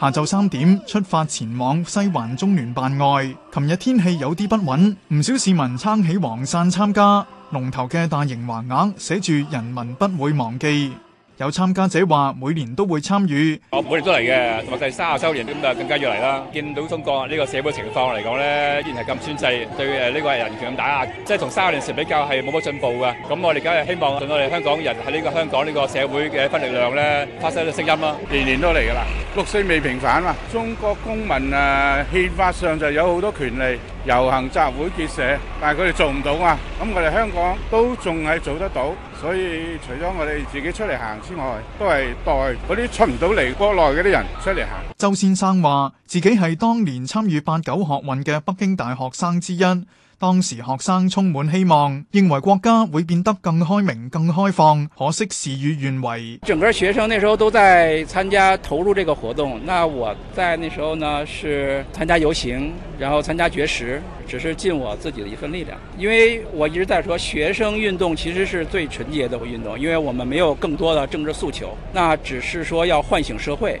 下晝三點出發前往西環中聯辦外。琴日天氣有啲不穩，唔少市民撐起黃傘參加。龍頭嘅大型橫額寫住“人民不會忘記”。有參加者話：每年都會參與。我每年都嚟嘅，同埋第三十週年咁就更加要嚟啦。見到中國呢個社會情況嚟講咧，依然係咁專制，對誒呢個人權咁打壓，即係同三十年前比較係冇乜進步噶。咁我哋梗係希望盡我哋香港人喺呢個香港呢個社會嘅分力量咧，發出啲聲音啦。年年都嚟噶啦。六四未平反嘛，中國公民啊，憲法上就有好多權利，遊行集會結社，但係佢哋做唔到啊。咁我哋香港都仲係做得到。所以除咗我哋自己出嚟行之外，都係代嗰啲出唔到嚟國內嗰啲人出嚟行。周先生話，自己係當年參與八九學運嘅北京大學生之一。當時學生充滿希望，認為國家會變得更開明、更開放。可惜事與願違。整個學生那時候都在參加投入這個活動，那我在那時候呢是參加遊行，然後參加絕食，只是盡我自己的一份力量。因為我一直在說，學生運動其實是最純潔的運動，因為我們沒有更多的政治訴求，那只是說要喚醒社會。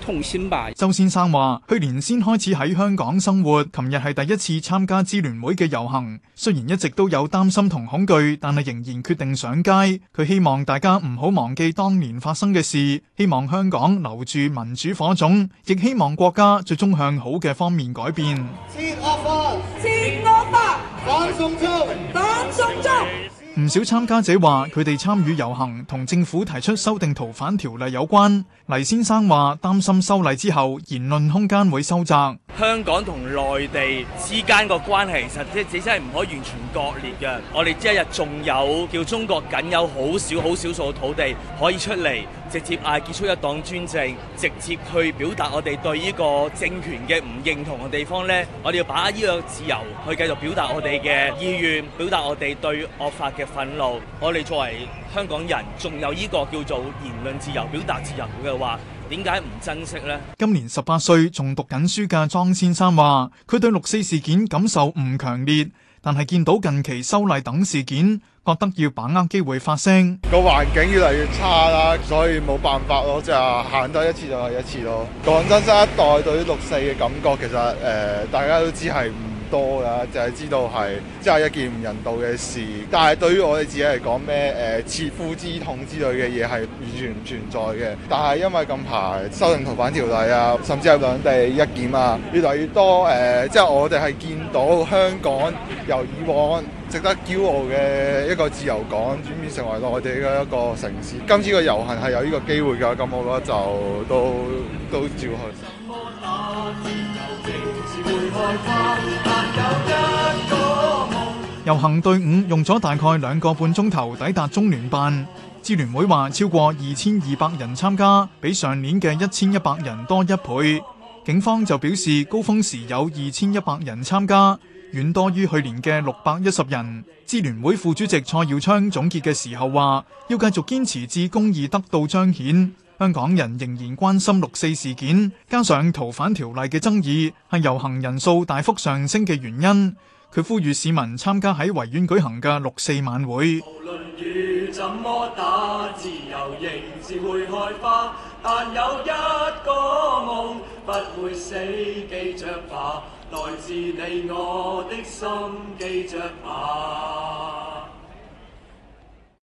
痛心吧。周先生話：去年先開始喺香港生活，琴日係第一次參加支聯會嘅遊行。雖然一直都有擔心同恐懼，但係仍然決定上街。佢希望大家唔好忘記當年發生嘅事，希望香港留住民主火種，亦希望國家最終向好嘅方面改變。唔少參加者話：佢哋參與遊行同政府提出修訂逃犯條例有關。黎先生話：擔心修例之後言論空間會收窄。香港同內地之間個關係，其實即係真係唔可以完全割裂嘅。我哋一日仲有叫中國僅有好少好少數土地可以出嚟。直接嗌結束一黨專政，直接去表達我哋對呢個政權嘅唔認同嘅地方呢，我哋要把呢個自由去繼續表達我哋嘅意願，表達我哋對惡法嘅憤怒。我哋作為香港人，仲有呢個叫做言論自由、表達自由嘅話，點解唔珍惜呢？今年十八歲，仲讀緊書嘅莊先生話，佢對六四事件感受唔強烈。但係見到近期修例等事件，覺得要把握機會發聲。個環境越嚟越差啦，所以冇辦法咯，就行得一次就係一次咯。講真，新一代對於六四嘅感覺，其實誒，大家都知係唔。多㗎，就係，是，知道係即係一件唔人道嘅事，但係對於我哋自己嚟講，咩誒，呃、切膚之痛之類嘅嘢係完全唔存在嘅。但係因為近排修訂逃犯條例啊，甚至係兩地一檢啊，越嚟越多誒，即，呃、係，就是、我哋係見到香港由以往值得驕傲嘅一個自由港轉變成為內地嘅一個城市。今次遊個遊行係有呢個機會㗎，咁我覺得就都都照去。遊行隊伍用咗大概兩個半鐘頭抵達中聯辦，支聯會話超過二千二百人參加，比上年嘅一千一百人多一倍。警方就表示高峰時有二千一百人參加，遠多於去年嘅六百一十人。支聯會副主席蔡耀昌總結嘅時候話，要繼續堅持至公義得到彰顯。香港人仍然關心六四事件，加上逃犯條例嘅爭議，係遊行人數大幅上升嘅原因。佢呼籲市民參加喺維園舉行嘅六四晚會。